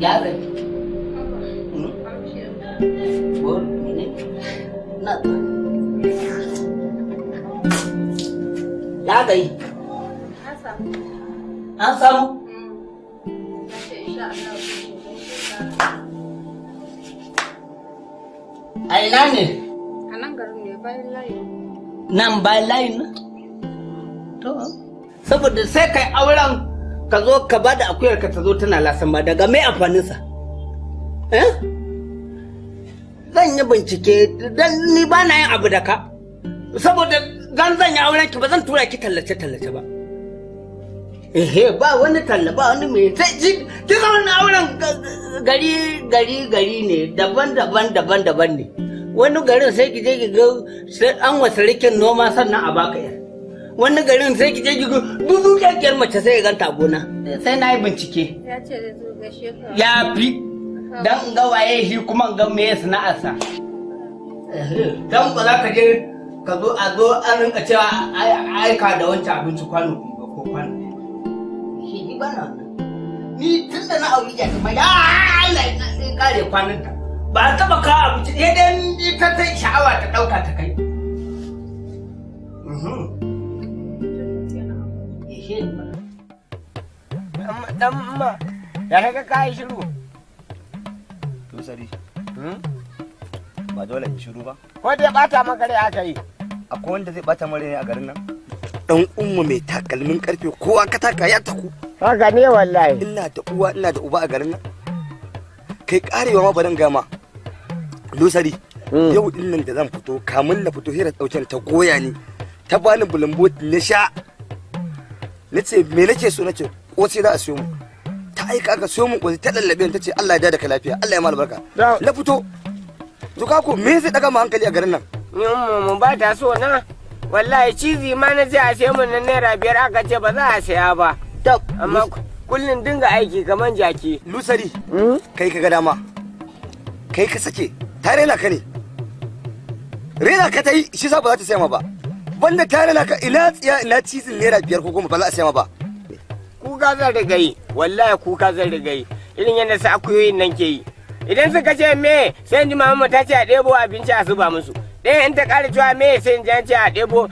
ya gani ya gani an samu a ina ne a nan garin ne bayan layin nan bayan layin to saboda sai kai auren ka zo ka ba da akuyar ka ta zo tana lasan ba daga mai amfaninsa eh? zan yi bincike don ni ba na yin abu da ka saboda gan zan yi auren ki ba zan tura ki tallace tallace ba ehe ba wani talla ba wani mai sai ji ki na auren gari gari gari ne daban daban daban daban ne wani garin sai ki je ki ga an wasa rikin noma sannan a baka yar Wannan garin sai ki je ki dubu kyakkyar mace sai ya ganta gona sai na yi bincike ya ce zai zo ya fi dan in ga waye shi kuma in ga me ya sana'arsa dan ba za ka je ka zo a zo an rinka cewa aika da wancan abinci kwano ko kwano shi ni ba ni tun da na auri ya kuma ya Allah ya kare kwanan ta ba taba ka abinci ɗaya ɗaya ta sha'awa ta ɗauka ta kai dan ma ya kaga kai shiru to sari hmm? ba dole in shiru ba ko dai bata maka rai aka yi akwai wanda zai bata mare ne a garin nan dan umma mai takalmin karfe kowa ka taka ya taku haka ne wallahi ina da uwa ina da uba a garin nan kai karewa ma baran gama lusari hmm. yau din nan da zan fito kamun na fito hira dauken ta goya ni ta bani bulumbo na sha nace me nake so nace wace za a siyo mu ta aika aka siyo mu kwazi ta lallabe ta ce Allah ya da ka lafiya Allah ya malabarka na fito to ka ko me zai daga mu hankali a garin nan mm, mu ba ta so na wallahi cizi ma na je a siyo mu na naira biyar aka ce ba za a saya ba amma kullun dinga aiki kaman jaki lusari mm? kai ka ga dama kai ka sake ta rena ka ne rena ka ta yi shi sa ba za ta saya ma ba banda ta rena ka ina tsiya ina cizin naira biyar ko goma ba za a saya ma ba kuka zan riga yi wallahi kuka zan riga yi irin yadda sa akuyoyin nan ke yi idan suka ce me sai ji mama ta ce a ɗebo abinci a zuba musu ɗaya in ta ƙara cewa me sai in ce a ɗebo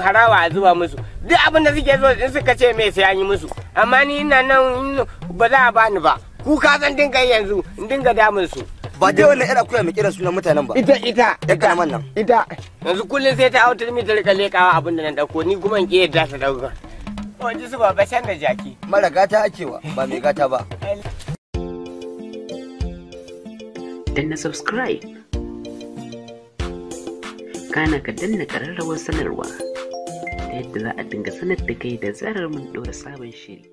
harawa a zuba musu duk abin da suke so in suka ce me sai an yi musu amma ni ina nan ba za a bani ba kuka zan dinga yanzu in dinga damun su ba dai wannan ira kuya mai kiran sunan mutanen ba ita ita da karaman nan ita yanzu kullum sai ta autar mi ta rika lekawa abin da nan dauko ni kuma in ke yadda ta dauka wanzu su ba can da jaki. Mara gata wa ba mai gata ba. na subscribe. Kana ka danna ƙararrawar sanarwa ta yadda za a dinga sanar da kai da zarar mun ɗora sabon shiri.